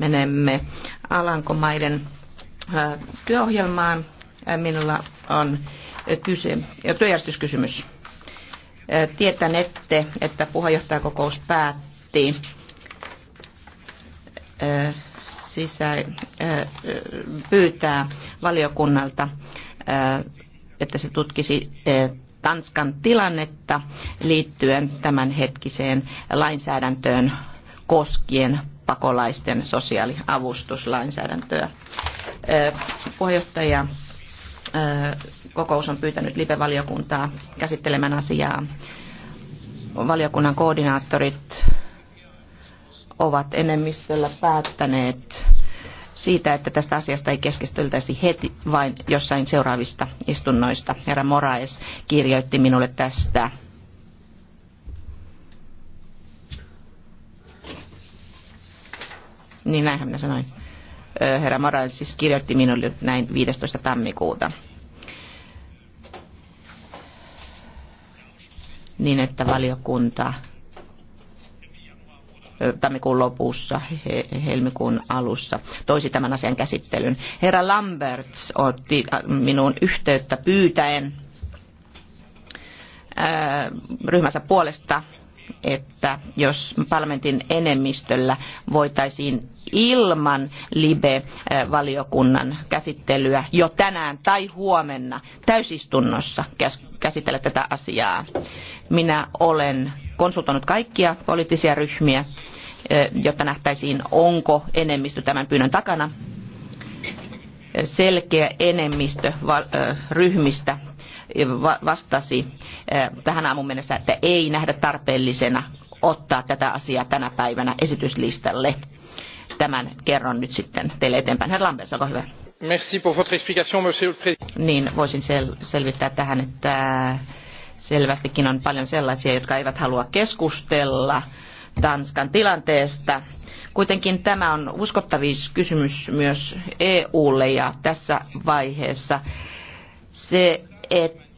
menemme Alankomaiden työohjelmaan. Minulla on kyse, työjärjestyskysymys. Tietänette, että puheenjohtajakokous päätti sisä, pyytää valiokunnalta, että se tutkisi Tanskan tilannetta liittyen tämänhetkiseen lainsäädäntöön koskien pakolaisten sosiaaliavustuslainsäädäntöä. Puheenjohtaja kokous on pyytänyt live-valiokuntaa käsittelemään asiaa. Valiokunnan koordinaattorit ovat enemmistöllä päättäneet siitä, että tästä asiasta ei keskusteltaisi heti, vain jossain seuraavista istunnoista. Herra Moraes kirjoitti minulle tästä Niin näinhän minä sanoin. Herra Morales siis kirjoitti minulle näin 15. tammikuuta. Niin, että valiokunta tammikuun lopussa, helmikuun alussa, toisi tämän asian käsittelyn. Herra Lamberts otti minun yhteyttä pyytäen ryhmänsä puolesta että jos parlamentin enemmistöllä voitaisiin ilman LIBE-valiokunnan käsittelyä jo tänään tai huomenna täysistunnossa käsitellä tätä asiaa. Minä olen konsultoinut kaikkia poliittisia ryhmiä, jotta nähtäisiin, onko enemmistö tämän pyynnön takana selkeä enemmistö ryhmistä vastasi eh, tähän aamun mennessä, että ei nähdä tarpeellisena ottaa tätä asiaa tänä päivänä esityslistalle. Tämän kerron nyt sitten teille eteenpäin. Herra Lambert, olkaa hyvä. Merci pour votre explication, monsieur le président. Niin, voisin sel- selvittää tähän, että selvästikin on paljon sellaisia, jotka eivät halua keskustella Tanskan tilanteesta. Kuitenkin tämä on uskottavis kysymys myös EUlle ja tässä vaiheessa se että